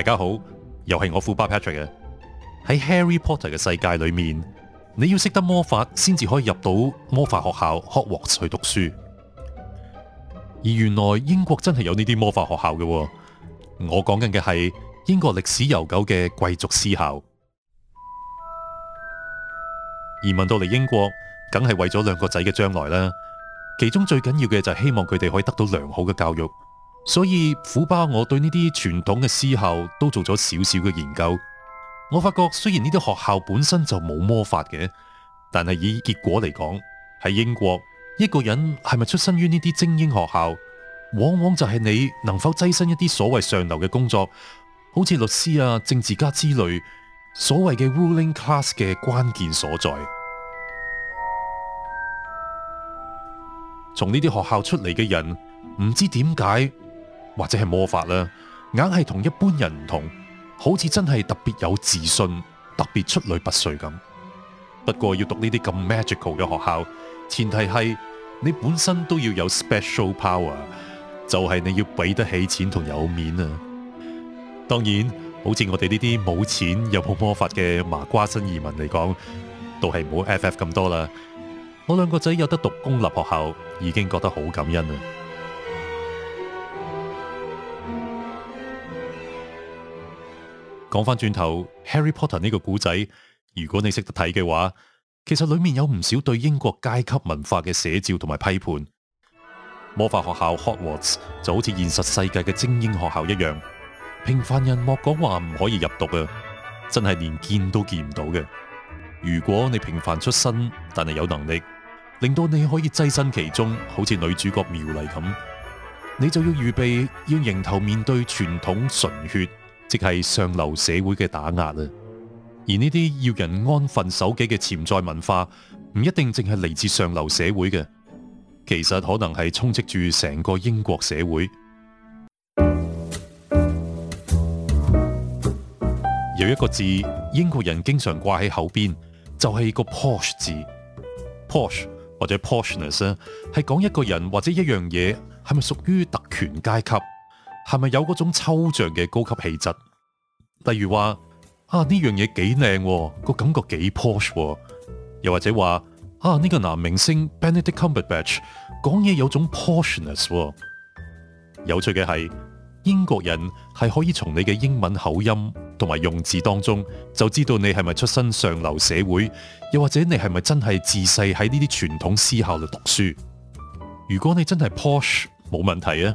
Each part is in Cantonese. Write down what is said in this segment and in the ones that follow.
大家好，又係我富巴 Patrick 啊！喺 Harry Potter 嘅世界裏面，你要識得魔法先至可以入到魔法學校霍格華茲去讀書。而原來英國真係有呢啲魔法學校嘅，我講緊嘅係英國歷史悠久嘅貴族私校。移民到嚟英國，梗係為咗兩個仔嘅將來啦，其中最緊要嘅就係希望佢哋可以得到良好嘅教育。所以，虎巴，我對呢啲傳統嘅私校都做咗少少嘅研究。我發覺雖然呢啲學校本身就冇魔法嘅，但係以結果嚟講，喺英國，一個人係咪出身於呢啲精英學校，往往就係你能否躋身一啲所謂上流嘅工作，好似律師啊、政治家之類，所謂嘅 ruling class 嘅關鍵所在。從呢啲學校出嚟嘅人，唔知點解。或者係魔法啦，硬係同一般人唔同，好似真係特別有自信，特別出類拔萃咁。不過要讀呢啲咁 magical 嘅學校，前提係你本身都要有 special power，就係你要俾得起錢同有面啊。當然，好似我哋呢啲冇錢又冇魔法嘅麻瓜新移民嚟講，都係唔好 FF 咁多啦。我兩個仔有得讀公立學校，已經覺得好感恩啦。講翻轉頭，《Harry Potter》呢個古仔，如果你識得睇嘅話，其實裏面有唔少對英國階級文化嘅寫照同埋批判。魔法學校 Hogwarts 就好似現實世界嘅精英學校一樣，平凡人莫講話唔可以入讀啊，真係連見都見唔到嘅。如果你平凡出身，但係有能力，令到你可以躋身其中，好似女主角妙麗咁，你就要預備要迎頭面對傳統純血，即係上流社會嘅打壓。而呢啲要人安分守己嘅潛在文化，唔一定淨係嚟自上流社會嘅，其實可能係充斥住成個英國社會。 有一個字，英國人經常掛喺口邊，就係個 posh 字，posh 或者 poshness 啊，係講一個人或者一樣嘢係咪屬於特權階級。係咪有嗰種抽象嘅高級氣質？例如話啊呢樣嘢幾靚個感覺幾 posh、哦、又或者話啊呢、呢個男明星 Benedict Cumberbatch 講嘢有種 poshness、哦。有趣嘅係英國人係可以從你嘅英文口音同埋用字當中就知道你係咪出身上流社會，又或者你係咪真係自細喺呢啲傳統私校度讀書？如果你真係 posh，冇問題啊！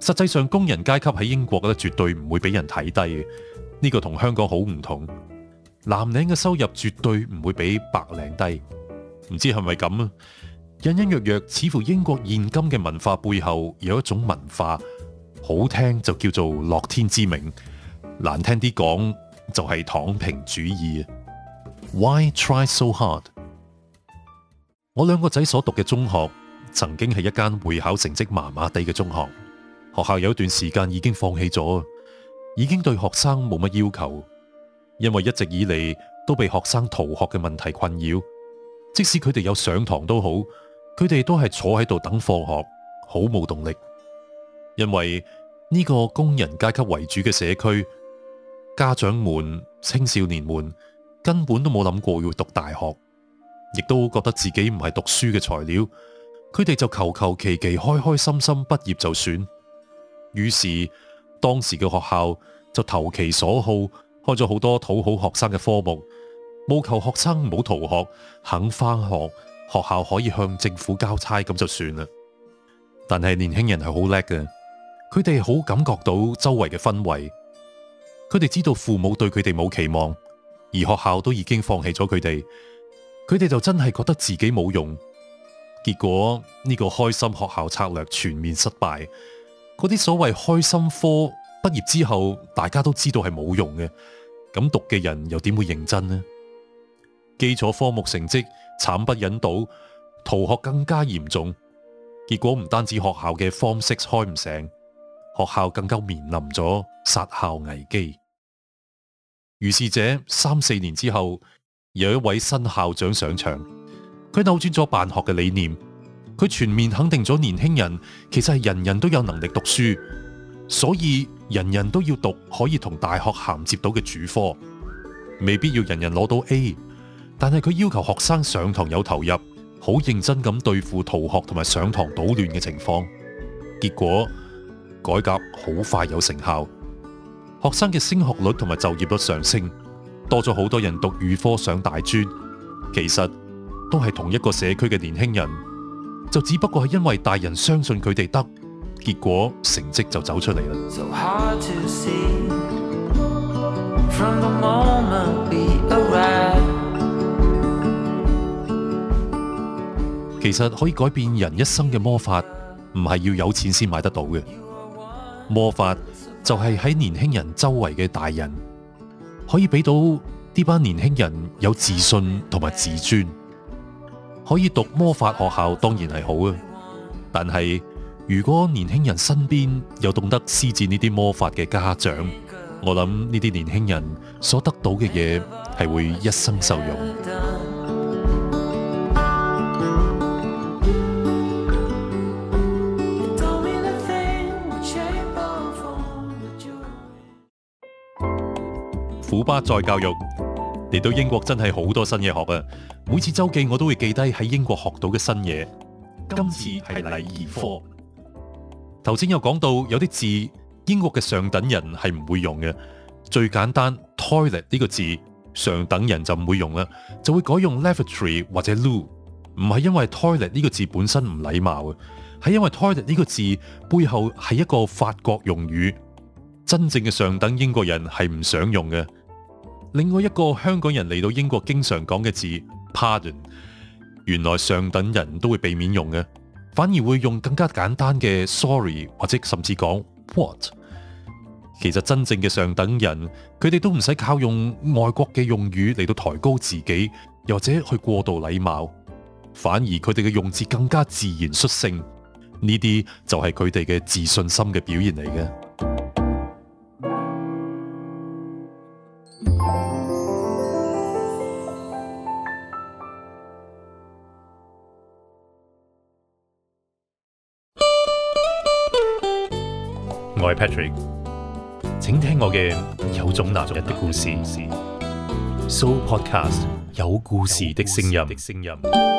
實際上，工人階級喺英國覺得絕對唔會俾人睇低，呢個同香港好唔同。藍領嘅收入絕對唔會比白領低。唔知係咪咁啊？隱隱約約，似乎英國現今嘅文化背後有一種文化，好聽就叫做樂天知命」，難聽啲講就係躺平主義。Why try so hard？我兩個仔所讀嘅中學，曾經係一間會考成績麻麻地嘅中學。學校有一段時間已經放棄咗，已經對學生冇乜要求，因為一直以嚟都被學生逃學嘅問題困擾。即使佢哋有上堂都好，佢哋都係坐喺度等放學，好冇動力。因為呢個工人階級為主嘅社區，家長們、青少年們根本都冇諗過要讀大學，亦都覺得自己唔係讀書嘅材料，佢哋就求求其其，開開心心畢業就算。於是當時嘅學校就投其所好，開咗好多討好學生嘅科目，務求學生唔好逃學，肯翻學，學校可以向政府交差咁就算了。但係年輕人係好叻嘅，佢哋好感覺到周圍嘅氛圍，佢哋知道父母對佢哋冇期望，而學校都已經放棄咗佢哋，佢哋就真係覺得自己冇用。結果呢個開心學校策略全面失敗。嗰啲所謂開心科畢業之後，大家都知道係冇用嘅，咁讀嘅人又點會認真呢？基礎科目成績慘不忍睹，逃學更加嚴重，結果唔單止學校嘅 Form 6開唔成，學校更加面臨咗殺校危機。如是者三四年之後，有一位新校長上場，佢扭轉咗辦學嘅理念。佢全面肯定咗年輕人，其實係人人都有能力讀書，所以人人都要讀可以同大學銜接到嘅主科，未必要人人攞到 A。但係佢要求學生上堂有投入，好認真咁對付逃學同埋上堂搗亂嘅情況。結果改革好快有成效，學生嘅升學率同埋就業率上升，多咗好多人讀預科上大專。其實都係同一個社區嘅年輕人。就只不過係因為大人相信佢哋得，結果成績就走出嚟啦。So、see, 其實可以改變人一生嘅魔法，唔係要有錢先買得到嘅。魔法就係喺年輕人周圍嘅大人，可以俾到呢班年輕人有自信同埋自尊。可以讀魔法學校當然係好啊，但係如果年輕人身邊有懂得施展呢啲魔法嘅家長，我諗呢啲年輕人所得到嘅嘢係會一生受用。虎 爸在教育。嚟到英國真係好多新嘢學啊！每次周記我都會記低喺英國學到嘅新嘢。今次係禮儀課。頭先又講到有啲字，英國嘅上等人係唔會用嘅。最簡單，toilet 呢個字，上等人就唔會用啦，就會改用 lavatory 或者 loo。唔係因為 toilet 呢個字本身唔禮貌啊，係因為 toilet 呢個字背後係一個法國用語，真正嘅上等英國人係唔想用嘅。另外一個香港人嚟到英國經常講嘅字，pardon，原來上等人都會避免用嘅，反而會用更加簡單嘅 sorry，或者甚至講 what。其實真正嘅上等人，佢哋都唔使靠用外國嘅用語嚟到抬高自己，又或者去過度禮貌，反而佢哋嘅用字更加自然率性。呢啲就係佢哋嘅自信心嘅表現嚟嘅。我係 Patrick，請聽我嘅有種男人的故事，So Podcast 有故事的聲音。